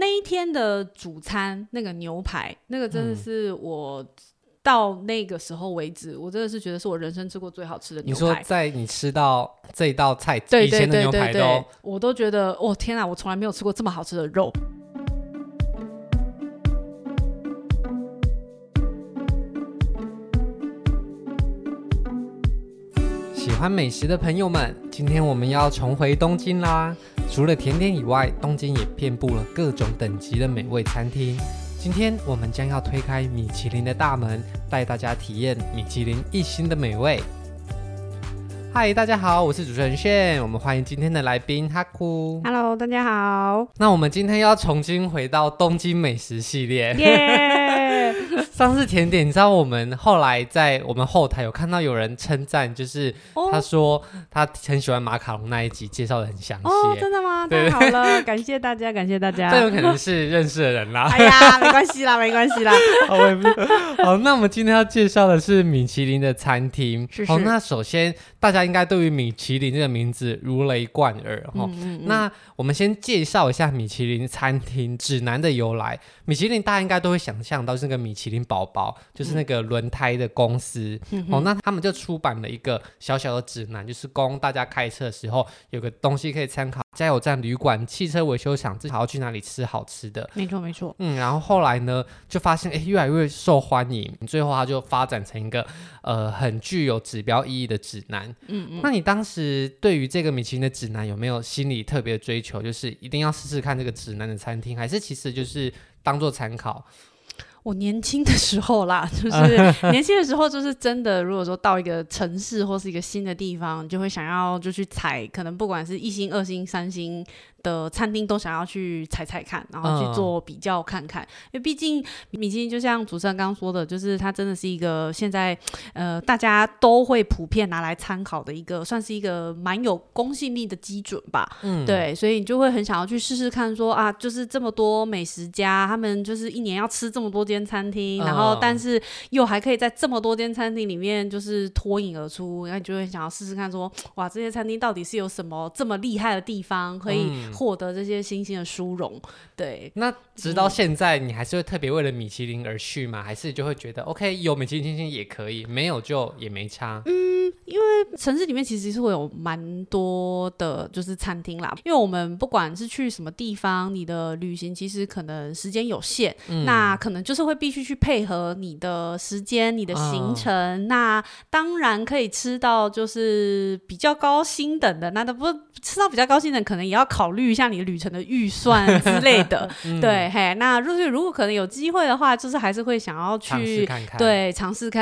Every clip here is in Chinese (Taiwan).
那一天的主餐那個牛排，那個真的是我到那個時候為止，嗯，我真的是覺得是我人生吃過最好吃的牛排。你說在你吃到這道菜之前的牛排都。對對對對，我都覺得哦天啊，我從來沒有吃過這麼好吃的肉。喜歡美食的朋友們，今天我們要重回東京啦！除了甜點以外，東京也遍布了各種等級的美味餐廳。今天我們將要推開米其林的大門，帶大家體驗米其林一星的美味。嗨，大家好，我是主持人炫，我們歡迎今天的來賓哈庫。Hello，大家好。那我們今天要重新回到東京美食系列。Yeah! 上次甜點，你知道我們後來在我們後台有看到有人稱讚，就是他說他很喜歡馬卡龍那一集介紹得很詳細。哦，真的嗎？對對太好了，感謝大家，感謝大家。這有可能是認識的人啦。哎呀，沒關係啦， 沒關係啦。好，那我們今天要介紹的是米其林的餐廳。好是、哦，那首先大家應該對於米其林這個名字如雷貫耳哈。哦、嗯嗯嗯，那我們先介紹一下米其林餐廳指南的由來。米其林大家應該都會想象到，是那個米其林寶寶，就是那個輪胎的公司。嗯、哦，那他們就出版了一個小小的指南，就是供大家開車的時候有個東西可以參考，加油站、旅館、汽車維修廠，最好要去哪裡吃好吃的。沒錯，沒錯。嗯，然後後來呢，就發現誒、欸，越來越受歡迎，最後它就發展成一個呃很具有指標意義的指南。嗯嗯。那你當時對於這個米其林的指南有沒有心裡特別追求？就是一定要試試看這個指南的餐廳，還是其實就是？當做參考。我年輕的時候啦，就是年輕的時候，就是真的。如果說到一個城市或是一個新的地方，就會想要就去踩，可能不管是一星、二星、三星的餐廳，都想要去踩踩看，然後去做比較看看。因為畢竟米其林，就像主持人剛剛說的，就是它真的是一個現在呃大家都會普遍拿來參考的一個，算是一個蠻有公信力的基準吧。嗯，對，所以你就會很想要去試試看，說啊，就是這麼多美食家，他們就是一年要吃這麼多間餐廳，然後但是又還可以在這麼多間餐廳裡面就是脫穎而出，嗯、然後你就會想要試試看說，說哇這些餐廳到底是有什麼這麼厲害的地方可以獲得這些星星的殊榮？嗯、對，那直到現在、嗯、你還是會特別為了米其林而去嗎？還是你就會覺得、嗯、OK 有米其林星星也可以，沒有就也沒差？嗯，因為城市裡面其實是會有蠻多的就是餐廳啦，因為我們不管是去什麼地方，你的旅行其實可能時間有限，嗯、那可能就是。是會必須去配合你的時間、你的行程。嗯、那當然可以吃到就是比較高星等的，那都不吃到比較高星的，可能也要考慮一下你旅程的預算之類的。 嗯、對，嘿，那如果如果可能有機會的話，就是還是會想要去對嘗試看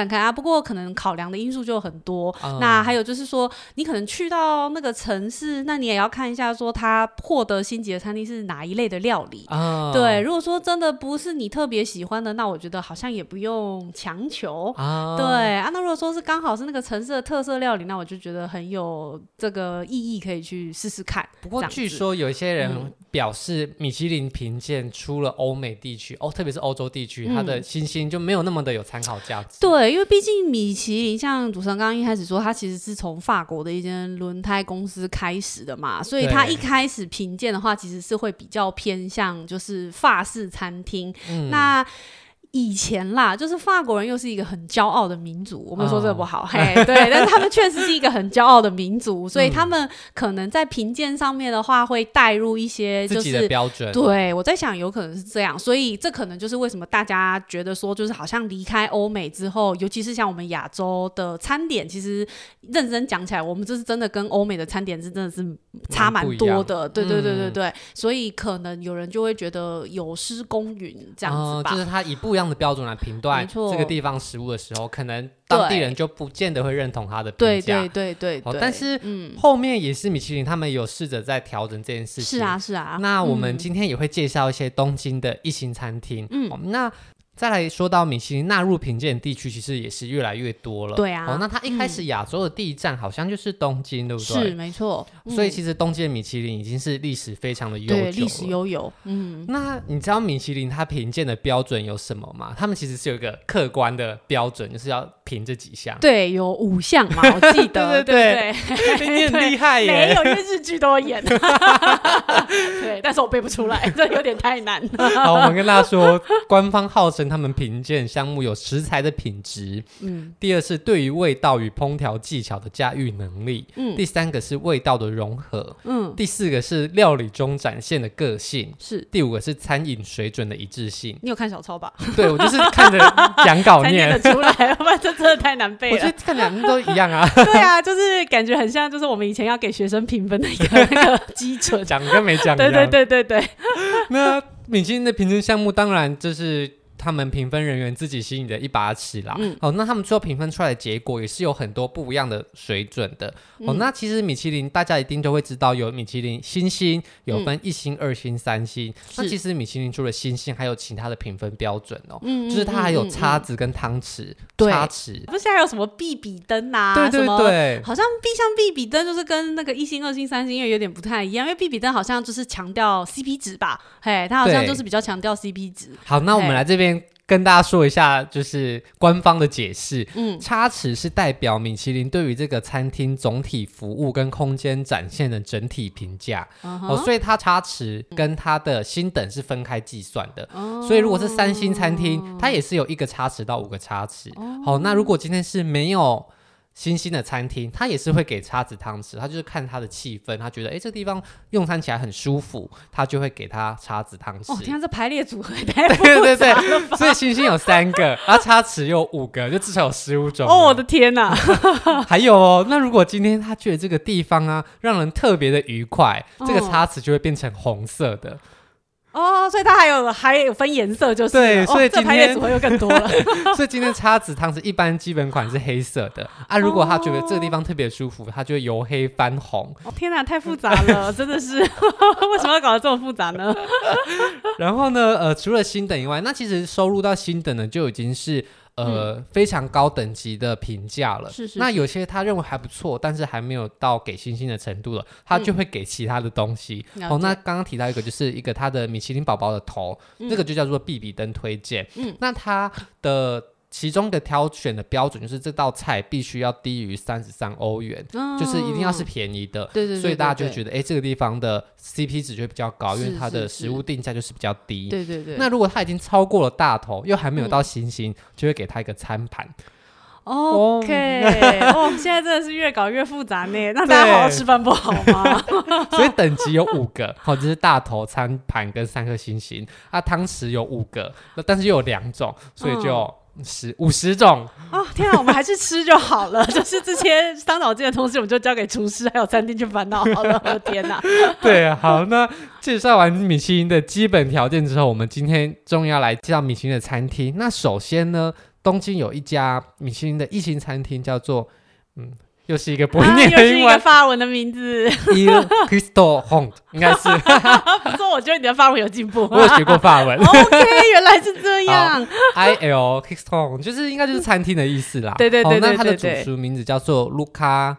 看，看，看啊。不過可能考量的因素就很多。嗯、那還有就是說，你可能去到那個城市，那你也要看一下說他獲得星級的餐廳是哪一類的料理、嗯、對，如果說真的不是你特別喜歡的。那我覺得好像也不用強求，啊、對。啊、那如果說是剛好是那個城市的特色料理，那我就覺得很有這個意義，可以去試試看。不過據說有一些人表示，米其林評鑑出了歐美地區，哦、嗯，特別是歐洲地區，它的星星就沒有那麼的有參考價值。嗯、對，因為畢竟米其林像主持人剛剛一開始說，它其實是從法國的一間輪胎公司開始的嘛，所以它一開始評鑑的話，其實是會比較偏向就是法式餐廳。嗯、那以前啦，就是法國人又是一個很驕傲的民族，我們說這個不好，嗯、嘿，對， 但是他們確實是一個很驕傲的民族，所以他們可能在評鑒上面的話，會帶入一些、就是、自己的標準。對，我在想，有可能是這樣，所以這可能就是為什麼大家覺得說，就是好像離開歐美之後，尤其是像我們亞洲的餐點，其實認真講起來，我們這是真的跟歐美的餐點真的是差蠻多的，對對對對對，嗯、所以可能有人就會覺得有失公允這樣子吧，呃、就是他以不一樣。標準來評斷這個地方食物的時候，錯可能當地人就不見得會認同他的評價。對。對對對對，對、哦，但是後面也是米其林，他們有試着在調整這件事情是、啊。是啊是啊，那我們今天也會介紹一些東京的一星餐廳。嗯，哦、那。再來說到米其林納入評鑑地區，其實也是越來越多了。對啊，那他一開始亞洲的第一站好像就是東京，對不對？是，沒錯。所以其實東京的米其林已經是歷史非常的悠久，歷史悠久。嗯，那你知道米其林它評鑑的標準有什麼嗎？他們其實是有一個客觀的標準，就是要評這幾項。對，有五項嘛，我記得。對對對，你很厲害耶，沒有電視劇都演。對，但是我背不出來，這有點太難了。好，我們跟大家說，官方號稱。他們評鑑項目有食材的品質，嗯，第二是對於味道與烹調技巧的駕馭能力，嗯，第三個是味道的融合，嗯，第四個是料理中展現的個性，是第五個是餐飲水準的一致性。你有看小抄吧？對，我就是看着講稿念的出來，不然這真的太難背了。我覺得看講都一樣啊。對啊，就是感覺很像，就是我們以前要給學生評分的一個那個基準。講跟沒講一樣。對對對對對。那米其林的評分項目當然就是。他們評分人員自己心裡的一把尺啦。哦，那他們最後評分出來的結果也是有很多不一樣的水準的。哦，那其實米其林大家一定都會知道，有米其林星星，有分一星、二星、三星。那其實米其林除了星星，還有其他的評分標準哦。嗯，就是它還有叉子跟湯匙。對。叉匙。不是現在有什麼 B 比登啊？對對對。好像 B 像 B 比登就是跟那個一星、二星、三星因為有點不太一樣，因為 B 比登好像就是強調 CP 值吧？嘿，它好像就是比較強調 CP 值。好，那我們來這邊跟大家說一下，就是官方的解釋，嗯，叉匙是代表米其林對於這個餐廳總體服務跟空間展現的整體評價，uh huh. 哦，所以它叉匙跟它的星等是分開計算的，uh huh. 所以如果是三星餐廳，它也是有一個叉匙到五個叉匙，好，uh huh. 哦，那如果今天是沒有。星星的餐廳，他也是會給叉子湯匙，他就是看他的氣氛，他覺得哎、欸，這個、地方用餐起來很舒服，他就會給他叉子湯匙。哦，天啊，這排列組合太複雜了，對對對。所以星星有三個，他、 啊、叉匙有五個，就至少有十五種。哦，我的天哪、啊！ 還有哦，那如果今天他覺得這個地方啊，讓人特別的愉快，哦、這個叉匙就會變成紅色的。哦，所以它還有還有分顏色，就是對，所以今天、哦，組合又更多了。 所以今天叉子湯匙一般基本款是黑色的啊，如果他覺得這個地方特別舒服，哦、他就會由黑翻紅。天哪、啊，太複雜了， 真的是 為什麼要搞得這麼複雜呢？ 然後呢，呃，除了星等以外，那其實收入到星等的就已經是。呃，嗯、非常高等級的評價了。是是是。那有些他認為還不錯，但是還沒有到給星星的程度了，他就會給其他的東西。嗯、哦，那剛剛提到一個，就是一個他的米其林寶寶的頭，那、嗯、個就叫做“必比登推薦”嗯。那他的。其中的挑選的標準就是這道菜必須要低於三十三歐元，嗯、就是一定要是便宜的。對對對對對所以大家就覺得，哎，這個地方的 CP 值就會比較高，是是是因為它的食物定價就是比較低。對對對。那如果它已經超過了大頭，又還沒有到星星，嗯、就會給它一個餐盤。OK， 哦，現在真的是越搞越複雜呢。那大家好好吃飯不好嗎？對 所以等級有五個，好、哦，就是大頭、餐盤跟三顆星星。啊，湯匙有五個，但是又有兩種，所以就、嗯。十五十種啊、哦！天啊， 我們還是吃就好了。 就是這些傷腦筋的東西，我們就交給廚師還有餐廳去煩惱好了。我 天啊， 對啊，好，那介紹完米其林的基本條件之後， 我們今天終於要來介紹米其林的餐廳。那首先呢，東京有一家米其林的一星餐廳，叫做嗯。又是一個，啊、又是一個法文的名字，Il Ristorante 應該該是。 不過我覺得你的法文有進步。我有學過法文。 OK，原來是這樣。好 Il Ristorante 就是應該就是餐廳的意思啦。 對對對對、哦、那他的主廚名字叫做 Luca。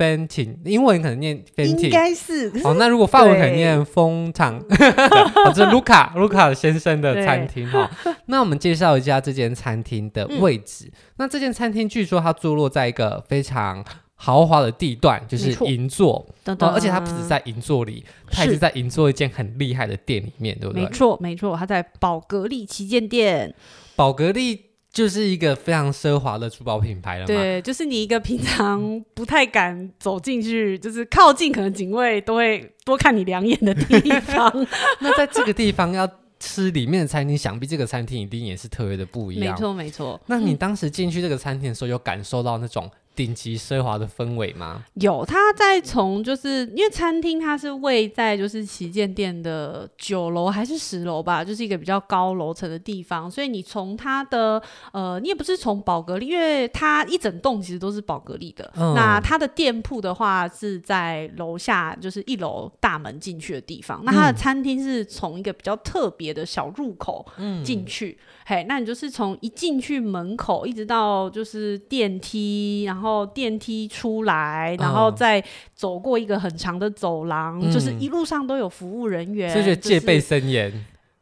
Fantin，英文可能念 Fantin，應該是哦。那如果法文可能念蜂場，這是 Luca Luca 先生的餐廳哈。那我們介紹一下這間餐廳的位置。那這間餐廳據說它坐落在一個非常豪華的地段，就是銀座，而且它不止在銀座裡，它也是在銀座一間很厲害的店裡面，對不對？沒錯沒錯，它在寶格麗旗艦店，寶格麗。就是一個非常奢華的珠寶品牌了嗎？對，就是你一個平常不太敢走進去，嗯、就是靠近，可能警衛都會多看你兩眼的地方。 那在這個地方要吃裡面的餐廳， 想必這個餐廳一定也是特別的不一樣。沒錯，沒錯。那你當時進去這個餐廳的時候，嗯、有感受到那種？頂級奢華的氛圍嗎？有，它在從就是因為餐廳它是位在就是旗艦店的九樓還是十樓吧，就是一個比較高樓層的地方，所以你從它的呃，你也不是從寶格麗，因為它一整棟其實都是寶格麗的。哦、那它的店鋪的話是在樓下，就是一樓大門進去的地方。那它的餐廳是從一個比較特別的小入口進去，嗯、嘿，那你就是從一進去門口一直到就是電梯，然後。然後電梯出來，然後再走過一個很長的走廊，嗯、就是一路上都有服務人員，這是戒備森嚴。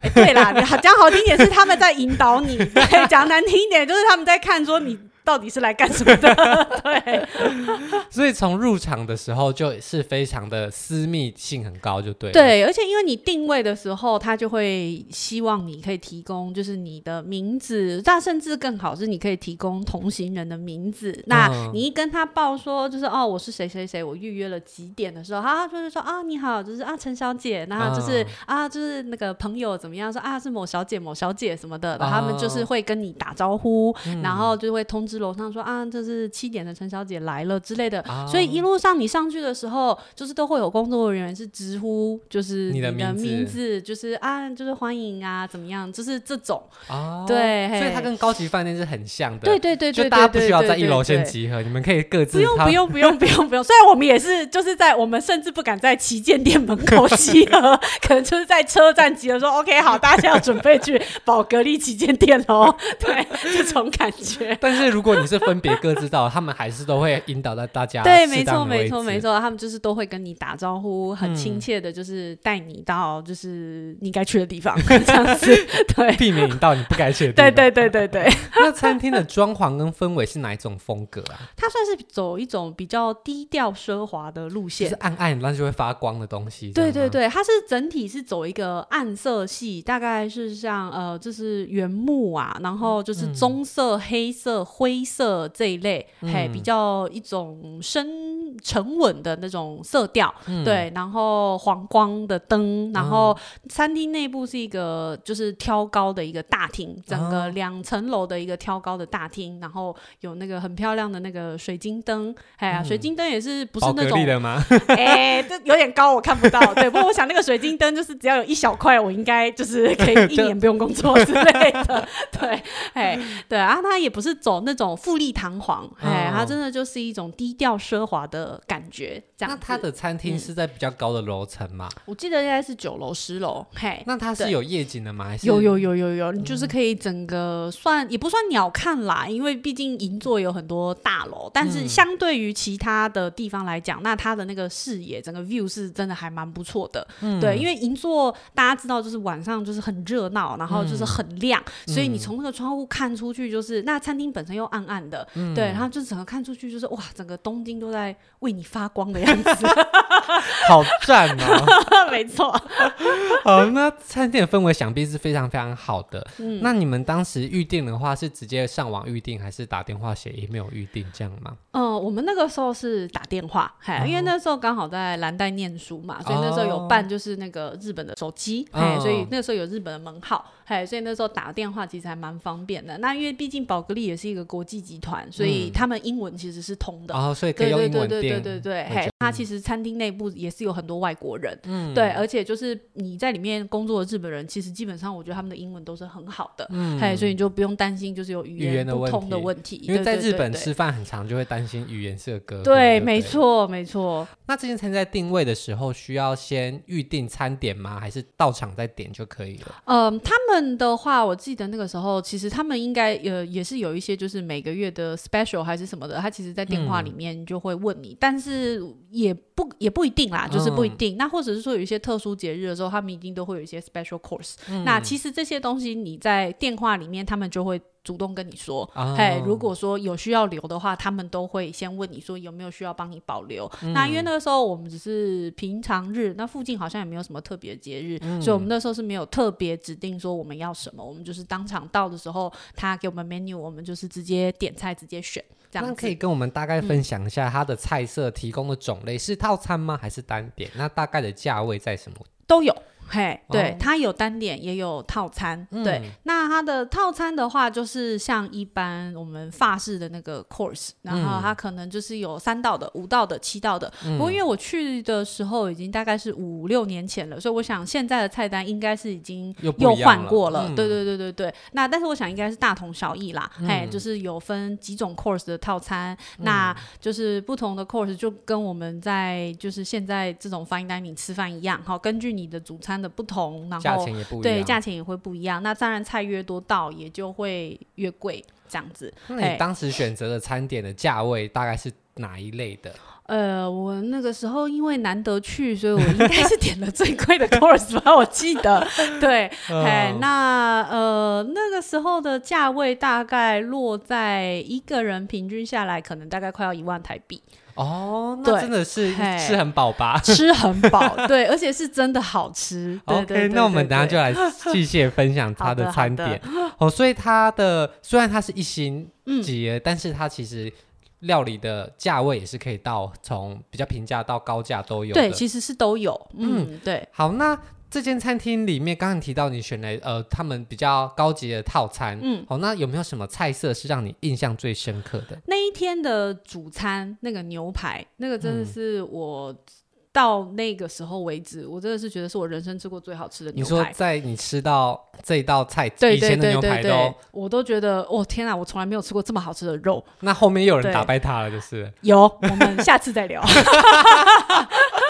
哎、就是，欸、對啦， 講好聽點是他們在引導你， 講難聽一點就是他們在看說你。到底是來幹什麼的？ 對，所以從入場的時候就是非常的私密性很高，就對。對，而且因為你定位的時候，他就會希望你可以提供就是你的名字，那甚至更好是你可以提供同行人的名字。那你一跟他報說就是、嗯、哦，我是誰誰誰，我預約了幾點的時候啊，他就是說啊、哦，你好，就是啊，陳小姐，然後就是、嗯、啊，就是那個朋友怎麼樣？說啊，是某小姐、某小姐什麼的，然後他們就是會跟你打招呼，嗯、然後就會通知。樓上說啊，這是七點的陳小姐來了之類的，所以一路上你上去的時候，就是都會有工作人員是直呼，就是你的名字，就是啊，就是歡迎啊，怎麼樣，就是這種。對，所以它跟高級飯店是很像的。對對對對，就大家不需要在一樓先集合，你們可以各自。不用不用不用不用不用。雖然我們也是，就是在我們甚至不敢在旗艦店門口集合，可能就是在車站集合，說 OK 好，大家要準備去寶格麗旗艦店嘍，對，這種感覺。但是如果如果你是分別各自到，他們還是都會引導到大家的。對，沒錯，沒錯，沒錯，他們就是都會跟你打招呼，很親切的，就是帶你到就是你該去的地方。嗯、這樣子，對，避免引導你不該去的地方。對，對，對，對，對。那餐廳的裝潢跟氛圍是哪一種風格啊？它算是走一種比較低調奢華的路線，是暗暗但就會發光的東西。對，對，對，對，對，它是整體是走一個暗色系，大概是像呃，就是原木啊，然後就是棕色，嗯、黑色，灰。黑色這一類，嗯、嘿，比較一種深沉穩的那種色調，嗯、對。然後黃光的燈，嗯、然後餐廳內部是一個就是挑高的一個大廳，嗯、整個兩層樓的一個挑高的大廳，哦、然後有那個很漂亮的那個水晶燈，哎呀、嗯啊，水晶燈也是不是那種，哎，這、 欸、有點高我看不到，對。不過我想那個水晶燈就是只要有一小塊， 我應該就是可以一年不用工作之類的， 對，嘿，對啊，他也不是走那種富麗堂皇，哎、哦，它真的就是一種低調奢華的感覺。這樣，那它的餐廳是在比較高的樓層嘛？我記得應該是九樓、十樓。嘿，那它是有夜景的嗎？有有有有有，就是可以整個算、嗯、也不算鳥瞰啦，因為畢竟銀座有很多大樓，但是相對於其他的地方來講，嗯、那它的那個視野，整個 view 是真的還蠻不錯的。嗯、對，因為銀座大家知道，就是晚上就是很熱鬧，然後就是很亮，嗯、所以你從那個窗戶看出去，就是那餐廳本身又。暗暗的，嗯、對，然後就整個看出去就是哇，整個東京都在為你發光的樣子， 好讚哦、喔！ 沒錯錯， 好，那餐廳氛圍想必是非常非常好的。嗯、那你們當時預定的話，是直接上網預定，還是打電話寫 email 預定這樣嗎？嗯、呃，我們那個時候是打電話，嘿，哦、因為那時候剛好在藍帶念書嘛，所以那時候有辦就是那個日本的手機，哦、嘿，所以那時候有日本的門號，嘿，所以那時候打電話其實還蠻方便的。那因為畢竟寶格麗也是一個國。國際集團，所以他們英文其實是通的、哦，所以,可以用英文對對對對對對對。久嘿，他其實餐廳內部也是有很多外國人，嗯、對，而且就是你在裡面工作的日本人，其實基本上我覺得他們的英文都是很好的，嗯、嘿，所以你就不用擔心就是有語言不通的問題。因為在日本吃飯很長，就會擔心語言是個隔閡對,對,對,對,對,對，沒錯，沒錯。那這間餐廳在定位的時候需要先預定餐點嗎？還是到場再點就可以了？嗯，他們的話，我記得那個時候，其實他們應該呃也是有一些就是。每個月的 special 還是什麼的，他其實在電話裡面就會問你，嗯、但是也不也不一定啦，就是不一定。嗯、那或者是說有一些特殊節日的時候，他們一定都會有一些 special course。嗯、那其實這些東西你在電話裡面，他們就會。主動跟你說，哦、嘿。如果說有需要留的話，他們都會先問你說，有沒有需要幫你保留。嗯、那因為那個時候我們只是平常日，那附近好像也沒有什麼特別的節日，嗯、所以我們那時候是沒有特別指定說我們要什麼，我們就是當場到的時候，他給我們 menu，我們就是直接點菜，直接選這樣。那可以跟我們大概分享一下它的菜色提供的種類，嗯、是套餐嗎？還是單點？那大概的價位在什麼？都有。嘿，hey, Wow. 對，它有單點也有套餐。嗯、對，那它的套餐的話，就是像一般我們法式的那個 course，然後它可能就是有三道的，五道的，七道的。嗯、不過因為我去的時候已經大概是五六年前了，所以我想現在的菜單應該是已經又換過了。對，嗯、對對對對，那但是我想應該是大同小異啦。嘿、嗯，hey, 就是有分幾種 course 的套餐，嗯、那就是不同的 course 就跟我們在就是現在這種 fine dining 吃飯一樣。好，根據你的主餐的不同，然後價對價錢也會不一樣。那當然，菜越多道也就會越貴，這樣子。那你當時選擇的餐點的價位大概是哪一類的？哎。呃，我那個時候因為難得去，所以我應該是點了最貴的 course 吧， 我記得。對，嘿、哦哎，那呃那個時候的價位大概落在一個人平均下來，可能大概快要一萬台幣。哦，那真的是吃對很飽吧？吃很飽， 對，而且是真的好吃。OK， 那我們等一下就來繼續分享他的餐點。 好的好的哦，所以他的雖然他是一星級，嗯、但是他其實料理的價位也是可以到從比較平價到高價都有。對，其實是都有。嗯，嗯對。好，那。這間餐廳裡面，剛剛提到你選了呃，他們比較高級的套餐，嗯，好、哦，那有沒有什麼菜色是讓你印象最深刻的？那一天的主餐那個牛排，那個真的是我到那個時候為止，嗯、我真的是覺得是我人生吃過最好吃的牛排。你說在你吃到這一道菜以前的牛排都，我都覺得，哦，天啊，我從來沒有吃過這麼好吃的肉。那後面又有人打敗他了，就是有，我們下次再聊。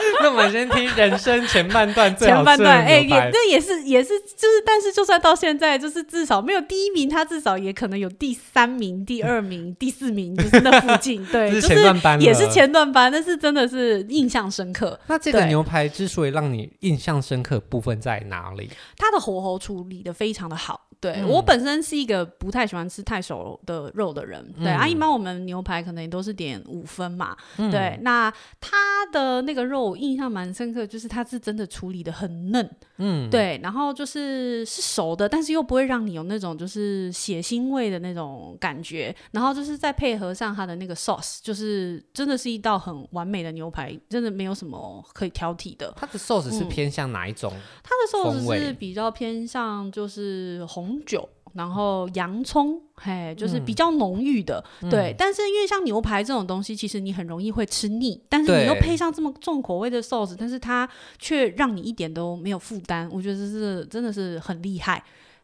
那我們先聽人生前半段最好的，最。前半段，哎、欸，這也、也是也是，就是，但是就算到現在，就是至少沒有第一名，他至少也可能有第三名、第二名、 第四名，就是那附近，對，就是，前段班，就是也是前段班，但是真的是印象深刻。那這個牛排之所以讓你印象深刻部分在哪裡？它的火候處理的非常的好，對、嗯、我本身是一個不太喜歡吃太熟的肉的人，對，嗯啊、一般我們牛排可能也都是點五分嘛，嗯、對，那它的那個肉。我印象蠻深刻，就是它是真的處理得很嫩，嗯，對，然後就是是熟的，但是又不會讓你有那種就是血腥味的那種感覺，然後就是再配合上它的那個 sauce，就是真的是一道很完美的牛排，真的沒有什麼可以挑剔的。它的 sauce 是偏向哪一種？嗯，它的 sauce 是比較偏向就是紅酒。然後洋蔥，嘿，就是比較濃郁的，嗯、對。但是因為像牛排這種東西，其實你很容易會吃膩，但是你又配上這麼重口味的 sauce，對但是它卻讓你一點都沒有負擔，我覺得這是真的是很厲害。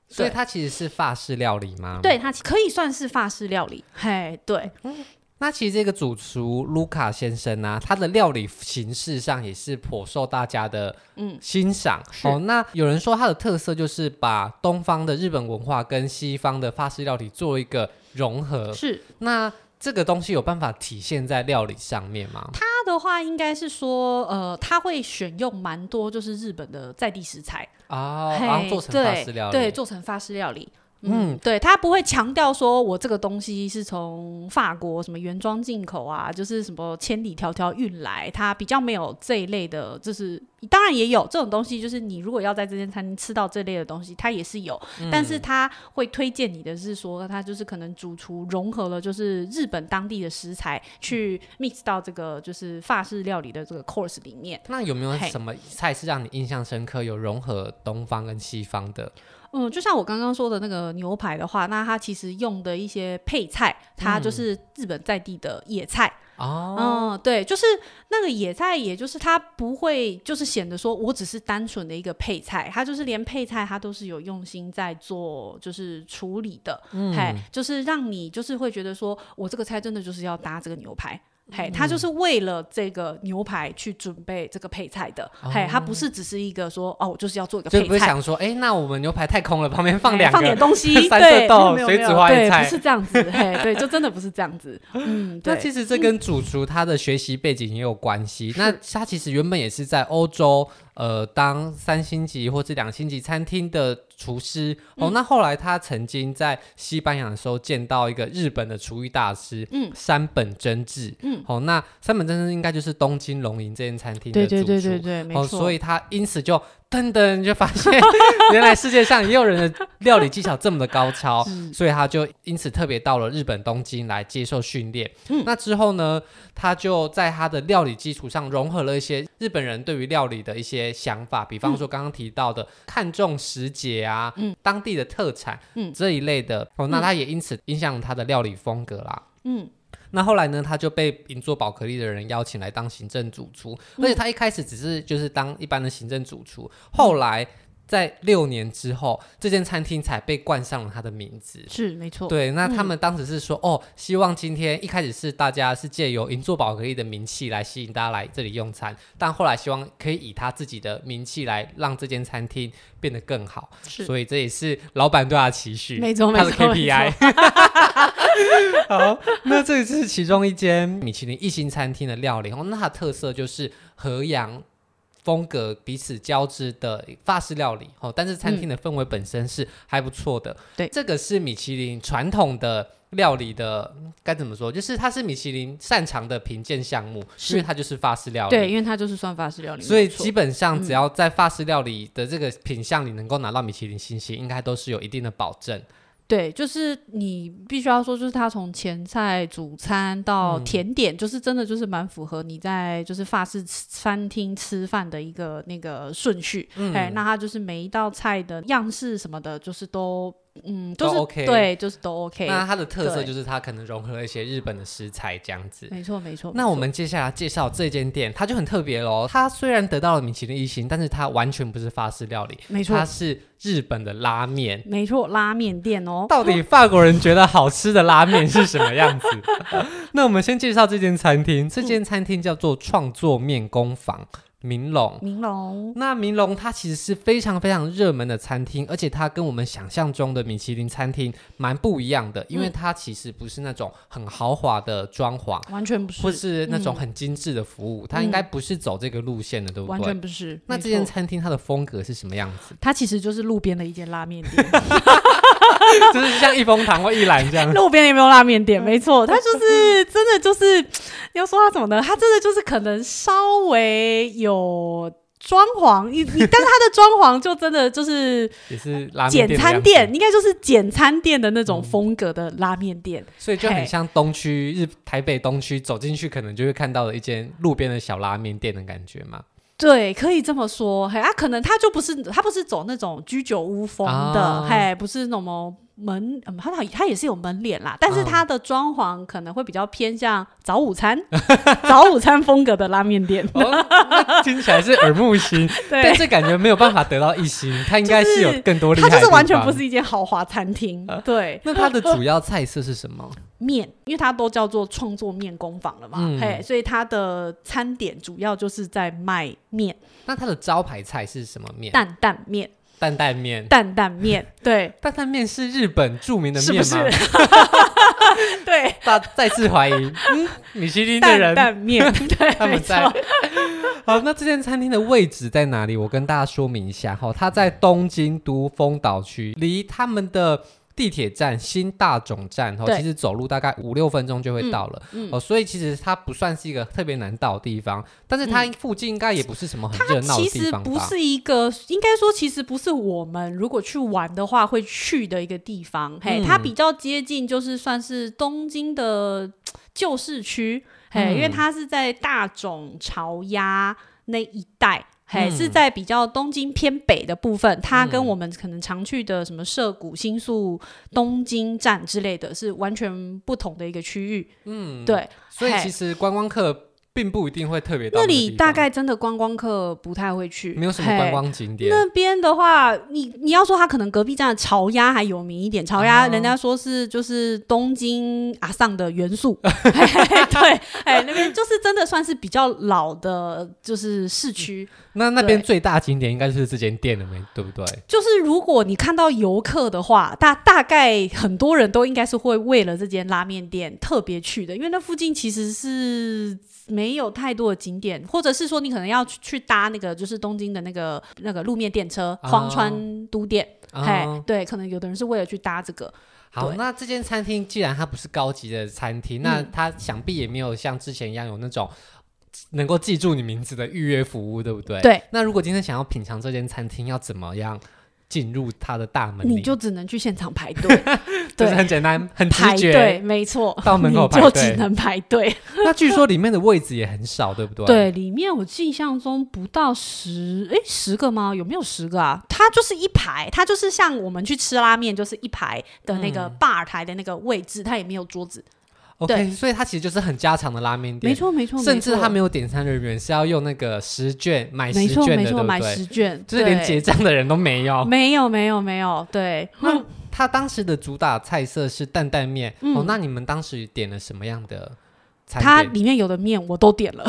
所以它其實是法式料理嗎？對，它可以算是法式料理，嘿，對。嗯那其實這個主廚盧卡先生啊，他的料理形式上也是頗受大家的嗯欣賞嗯，哦。那有人說他的特色就是把東方的日本文化跟西方的法式料理做一個融合，是。那這個東西有辦法體現在料理上面嗎？他的話應該是說，呃，他會選用蠻多就是日本的在地食材哦，然後做成法式料理，對，對，做成法式料理。嗯，對，他不會強調說我這個東西是從法國什麼原裝進口啊，就是什麼千里迢迢運來，他比較沒有這一類的。就是當然也有這種東西，就是你如果要在這間餐廳吃到這類的東西，它也是有，嗯，但是他會推薦你的是說，他就是可能主廚融合了就是日本當地的食材去 mix 到這個就是法式料理的這個 course 裡面。那有沒有什麼菜是讓你印象深刻，有融合東方跟西方的？嗯，就像我剛剛說的那個牛排的話，那它其實用的一些配菜，它就是日本在地的野菜哦。嗯，嗯，對，就是那個野菜，也就是它不會就是顯得說我只是單純的一個配菜，它就是連配菜它都是有用心在做，就是處理的，嗯嘿，就是讓你就是會覺得說我這個菜真的就是要搭這個牛排。嘿，他就是為了這個牛排去準備這個配菜的。嗯、嘿，他不是只是一個說哦，我、哦、就是要做一個配菜，不會想說誒、欸，那我們牛排太空了，旁邊放兩個、欸、放點東西， 三色豆、水煮花菜，不是這樣子。 嘿，對，就真的不是這樣子。嗯，對，其實這跟主廚他的學習背景也有關係。是那他其實原本也是在歐洲，呃，當三星級或者兩星級餐廳的。廚師哦，那後來他曾經在西班牙的時候見到一個日本的廚藝大師，嗯，山本真治，嗯，好、哦，那山本真治應該就是東京龍吟這間餐廳的主廚，對，對對對對對，哦、沒錯，所以他因此就。噔噔，你就發現原來世界上，也有人的料理技巧這麼的高超， 是所以他就因此特別到了日本東京來接受訓練。嗯、那之後呢，他就在他的料理基礎上融合了一些日本人對於料理的一些想法，比方說剛剛提到的看重時節啊，嗯、當地的特產，嗯、這一類的。哦，那他也因此影響了他的料理風格啦。嗯。那後來呢，他就被銀座寶格麗的人邀請來當行政主廚，嗯、而且他一開始只是就是當一般的行政主廚，嗯、後來在六年之後，這間餐廳才被冠上了他的名字。是沒錯，對。那他們當時是說，嗯、哦，希望今天一開始是大家是借由銀座寶格麗的名氣來吸引大家來這裡用餐，但後來希望可以以他自己的名氣來讓這間餐廳變得更好。是，所以這也是老闆對他的期許錯。沒錯沒錯，他的 KPI。 好，那這裡就是其中一間米其林一星餐廳的料理哦。那它的特色就是和洋風格彼此交織的法式料理哦。但是餐廳的氛圍本身是還不錯的，嗯。對，這個是米其林傳統的料理的，該怎麼說？就是它是米其林擅長的評鑑項目，是因為它就是法式料理。對，因為它就是算法式料理。所以基本上只要在法式料理的這個品項裡能夠拿到米其林星星，嗯、應該都是有一定的保證。對，就是你必須要說，就是它從前菜、主餐到甜點，就是真的就是蠻符合你在就是法式餐廳吃飯的一個那個順序。嗯、哎，那它就是每一道菜的樣式什麼的，就是都。嗯，就是、都 OK，對，就是都 OK。那它的特色就是它可能融合了一些日本的食材這樣子。沒錯，沒錯。那我們接下來介紹這間店，嗯、它就很特別嘍。嗯、它雖然得到了米其林一星，但是它完全不是法式料理，沒錯，它是日本的拉麵，沒錯，拉麵店哦。到底法國人覺得好吃的拉麵是什麼樣子？ 那我們先介紹這間餐廳，嗯、這間餐廳叫做創作麵工坊。明龍，明龍龍，那明龍它其實是非常非常熱門的餐廳，而且它跟我們想象中的米其林餐廳蠻不一樣的，因為它其實不是那種很豪華的裝潢，完全不是，或是那種很精緻的服務，嗯、它應該不是走這個路線的，嗯、對不對？完全不是。那這間餐廳它的風格是什麼樣子？它其實就是路邊的一間拉麵店。 就是像一風堂或一蘭這樣，路邊也沒有拉麵店？ 沒錯，它就是真的，就是要說他什麼呢？它真的就是可能稍微有裝潢，你你，但是它的裝潢就真的就是也是拉麵簡餐店，店應該就是簡餐店的那種風格的拉麵店，嗯、嘿所以就很像東區日台北東區走進去，可能就會看到的一間路邊的小拉麵店的感覺嘛。對，可以這麼說，嘿，啊，可能他就不是，他不是走那種居酒屋風的，哦、嘿，不是那麼。門、嗯它，它也是有門臉啦，但是它的裝潢可能會比較偏向早午餐，嗯、 早午餐風格的拉麵店，哦、聽起來是耳目一新，對但是感覺沒有辦法得到一星，它應該是有更多、就是，它就是完全不是一間豪華餐廳，啊、對。那它的主要菜色是什麼？ 麵，因為它都叫做創作麵工房了嘛，嗯、嘿，所以它的餐點主要就是在賣麵。那它的招牌菜是什麼麵？蛋蛋麵。擔擔麵，擔擔麵，對，擔擔麵是日本著名的麵嗎？是不是 對，他 再，再次懷疑、嗯、米其林的人擔擔麵。對 他們在。錯好，那這間餐廳的位置在哪裡？我跟大家說明一下哈，它在東京都豐島區，離他們的。地鐵站新大塚站，然、哦、後對其實走路大概五六分鐘就會到了，嗯嗯、哦，所以其實它不算是一個特別難到的地方，但是它附近應該也不是什麼很熱鬧的地方吧。嗯、其實不是一個，應該說其實不是我們如果去玩的話會去的一個地方，嗯、嘿，它比較接近就是算是東京的舊市區，嗯、嘿，因為它是在大塚巢鴨那一帶。嗯，是在比較東京偏北的部分，它跟我們可能常去的什麼涉谷、新宿、東京站之類的是完全不同的一個區域。嗯，對，所以其實觀光客。並不一定會特別。那裡大概真的觀光客不太會去，沒有什麼觀光景點。那邊的話，你你要說他可能隔壁站的巢鴨還有名一點，巢鴨人家說是就是東京阿桑的元素。 嘿嘿對，哎， 那邊就是真的算是比較老的，就是市區、嗯。那那邊最大景點應該是這間店了唄，對不對？就是如果你看到遊客的話，大大概很多人都應該是會為了這間拉面店特別去的，因為那附近其實是沒。沒有太多的景點，或者是說你可能要去去搭那個就是東京的那個那個路面電車，荒、嗯、川都電。哎、嗯，對，可能有的人是為了去搭這個。嗯、對好，那這間餐廳既然它不是高級的餐廳，那它想必也沒有像之前一樣有那種能夠記住你名字的預約服務，對不對？對。那如果今天想要品嘗這間餐廳，要怎麼樣？進入他的大門，你就只能去現場排隊， 對，很簡單，很直覺，對，沒錯，到門口排隊就只能排隊。 那據說裡面的位置也很少，對不對？對，裡面我印象中不到十，誒、欸，十個嗎？有沒有十個啊？它就是一排，它就是像我們去吃拉麵，就是一排的那個吧台的那個位置，嗯、它也沒有桌子。OK，所以他其實就是很家常的拉麵店，沒錯沒錯，甚至他沒有點餐人員，是要用那個食券買食券的，對不對？就是連結賬的人都沒有，沒有沒有沒有，對。那他當時的主打菜色是擔擔麵哦，那你們當時點了什麼樣的菜？它裡面有的麵我都點了。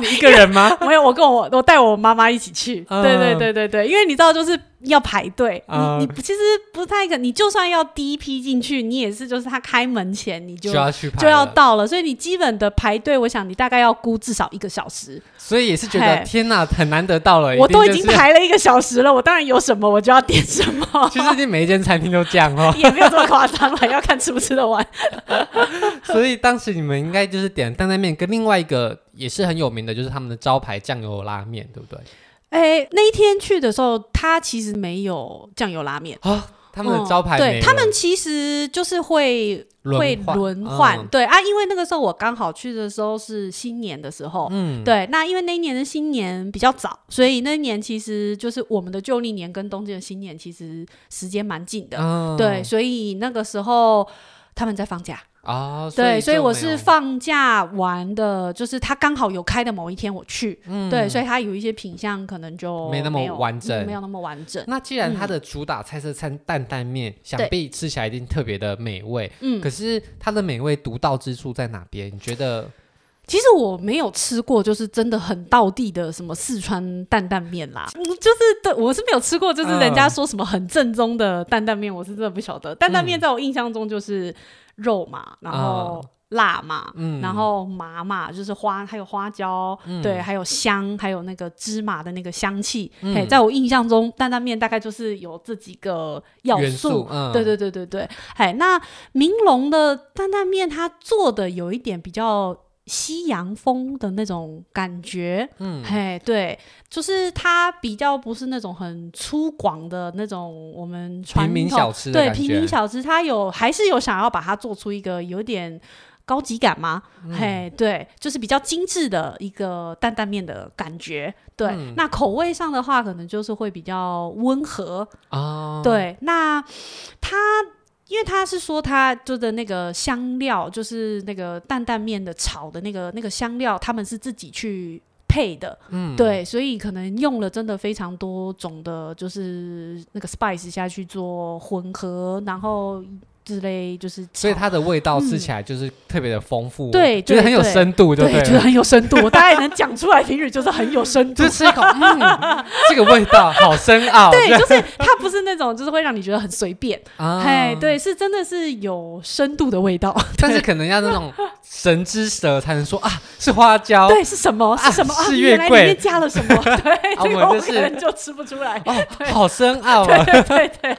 你一個人嗎？沒有，我跟我我帶我媽媽一起去，對對對對對，因為你知道就是。要排隊、嗯，你你其實不太可能。你就算要第一批進去，你也是就是他開門前你就就要，就要到了，所以你基本的排隊，我想你大概要估至少一個小時。所以也是覺得嘿天哪、啊，很難得到了。就是、我都已經排了一個小時了，我當然有什麼我就要點什麼。 其實你每一間餐廳都這樣哦， 也沒有這麼誇張，了， 要看吃不吃得完。 所以當時你們應該就是點擔擔麵，跟另外一個也是很有名的，就是他們的招牌醬油拉麵，對不對？哎，那一天去的時候，他其實沒有醬油拉麵、哦、他們的招牌、嗯，對，他們其實就是會輪換會輪換，嗯、對啊。因為那個時候我剛好去的時候是新年的時候，嗯，對。那因為那一年的新年比較早，所以那一年其實就是我們的舊曆年跟東京的新年其實時間蠻近的，嗯、對。所以那個時候他們在放假。啊，哦嗯、對，所以我是放假玩的，就是他剛好有開的某一天我去，嗯，對，所以他有一些品相可能就沒，沒那麼完整，嗯，沒有那麼完整。那既然它的主打菜色是擔擔麵，嗯、想必吃起來一定特別的美味，嗯對，可是它的美味獨到之處在哪邊？你覺得？其實我沒有吃過，就是真的很道地的什麼四川擔擔麵啦、嗯，就是對，我是沒有吃過，就是人家說什麼很正宗的擔擔麵，嗯、我是真的不曉得。擔擔麵在我印象中就是。肉嘛，然後辣嘛，啊嗯、然後麻嘛，就是花還有花椒，嗯、對，還有香，還有那個芝麻的那個香氣。嗯、嘿，在我印象中，擔擔麵大概就是有這幾個要素。元素嗯、對對對對對，哎，那明龍的擔擔麵，他做的有一點比較。西洋風的那種感覺，嗯，嘿，對，就是它比較不是那種很粗獷的那種我們傳統平民小吃的，對，平民小吃，它有還是有想要把它做出一個有點高級感嗎？嗯、嘿，對，就是比較精緻的一個擔擔麵的感覺，對，嗯、那口味上的話，可能就是會比較溫和啊，哦、對，那它。因為他是說他做的那個香料，就是那個擔擔麵的炒的那個那個香料，他們是自己去配的，嗯，對，所以可能用了真的非常多種的，就是那個 spice 下去做混合，然後。之類就是，所以它的味道吃起來就是特別的豐富，對，覺得很有深度，對，覺得很有深度，大家也能講出來，平日就是很有深度，就吃一口，嗯，這個味道好深奧，對，就是它不是那種就是會讓你覺得很隨便啊，對，是真的是有深度的味道，但是可能要那種神之舌才能說啊，是花椒，對，是什麼，是什麼啊？是月桂，原來裡面加了什麼？對，這個我們就吃不出來，哦，好深奧，對對對，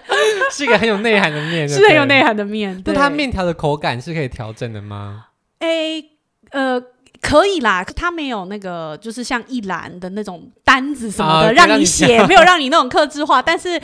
是一個很有內涵的面，是很有內涵。的麵，對它麵條的口感是可以調整的嗎？誒、欸，呃，可以啦，它沒有那個，就是像一蘭的那種單子什麼的，啊、讓你寫，你沒有讓你那種客製化。但是，因為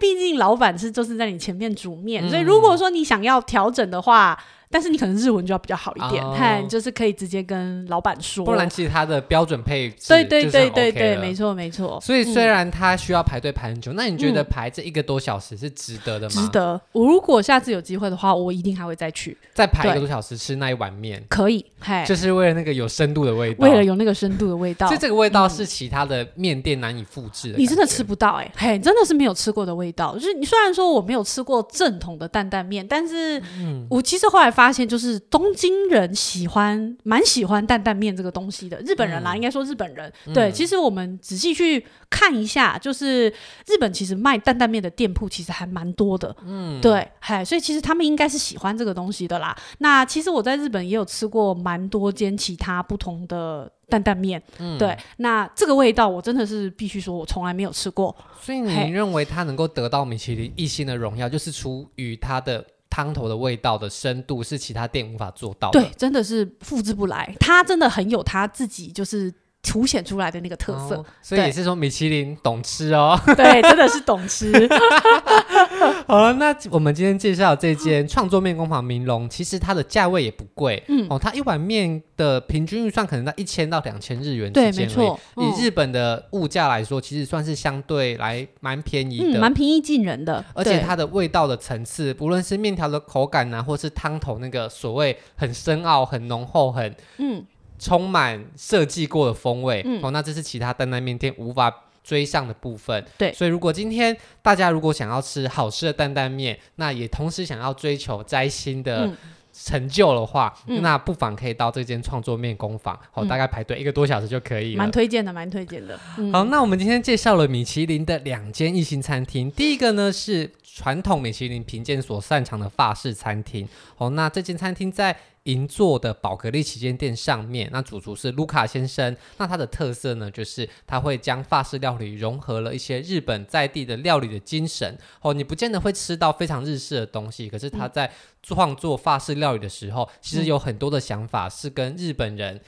畢竟老闆是就是在你前面煮麵，嗯、所以如果說你想要調整的話。但是你可能日文就要比較好一點，你、哦、就是可以直接跟老闆說。不然其實它的標準配置對、okay、對對對對，沒錯沒錯。所以雖然它需要排隊排很久，嗯、那你覺得排這一個多小時是值得的嗎？值得。我如果下次有機會的話，我一定還會再去，再排一個多小時吃那一碗麵，可以。嘿，就是為了那個有深度的味道，為了有那個深度的味道。 所以這個味道是其他的麵店難以複製的、嗯，你真的吃不到哎、欸，嘿，你真的是沒有吃過的味道。就是你雖然說我沒有吃過正統的擔擔麵，但是我其實後來發。發現就是東京人喜歡蠻喜歡擔擔麵這個東西的，日本人啦，嗯、應該說日本人對。嗯、其實我們仔細去看一下，就是日本其實賣擔擔麵的店鋪其實還蠻多的。嗯，對，嗨，所以其實他們應該是喜歡這個東西的啦。那其實我在日本也有吃過蠻多間其他不同的擔擔麵。嗯、對，那這個味道我真的是必須說，我從來沒有吃過。所以您認為他能夠得到米其林一星的榮耀，嘿就是出於他的。湯頭的味道的深度是其他店無法做到的，對，真的是複製不來。他真的很有他自己，就是。凸顯出，出來的那個特色，哦，所以也是說米其林懂吃哦，對， 對，真的是懂吃。 好，那我們今天介紹這間創作麵工房明龍，嗯、其實它的價位也不貴，嗯哦，它一碗麵的平均預算可能在一千到兩千日元之間，對，沒錯，哦、以日本的物價來說，其實算是相對來蠻便宜的，蠻平易近人的。而且它的味道的層次，對不論是麵條的口感啊，或是湯頭那個所謂很深奧、很濃厚、很嗯。充滿設計過的風味、嗯、哦，那這是其他擔擔麵店無法追上的部分。對，所以如果今天大家如果想要吃好吃的擔擔麵，那也同時想要追求摘星的成就的話，嗯、那不妨可以到這間創作麵工坊好、嗯哦，大概排隊一個多小時就可以。蠻、嗯、推薦的，蠻推薦的。嗯、好，那我們今天介紹了米其林的兩間一星餐廳，第一個呢是傳統米其林評鑑所擅長的法式餐廳哦，那這間餐廳在。銀座的寶格麗旗艦店上面，那主廚是盧卡先生，那他的特色呢，就是他會將法式料理融合了一些日本在地的料理的精神。哦，你不見得會吃到非常日式的東西，可是他在創作法式料理的時候，嗯、其實有很多的想法是跟日本人。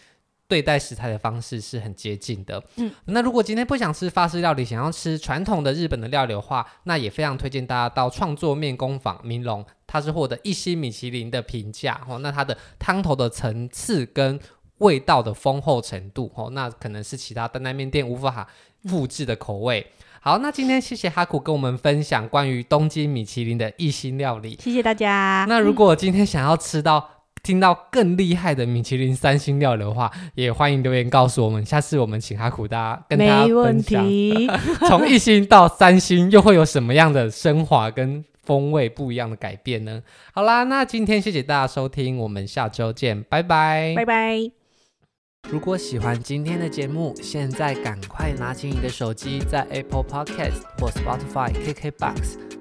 對待食材的方式是很接近的。嗯，那如果今天不想吃法式料理，想要吃傳統的日本的料理的話，那也非常推薦大家到創作麵工房鳴龍，它是獲得一星米其林的評價哦。那它的湯頭的層次跟味道的豐厚程度哦，那可能是其他擔擔麵店無法複製的口味。嗯、好，那今天謝謝哈庫跟我們分享關於東京米其林的一星料理。謝謝大家。那如果今天想要吃到、嗯。聽到更厲害的米其林三星料理的話，也歡迎留言告訴我們，下次我們請 Haku 大家跟大家分享， 從一星到三星又會有什麼樣的升華跟風味不一樣的改變呢？好啦，那今天謝謝大家收聽，我們下周見，拜拜，拜拜。如果喜歡今天的節目，現在趕快拿起你的手機，在 Apple Podcast 或 Spotify、KKBox。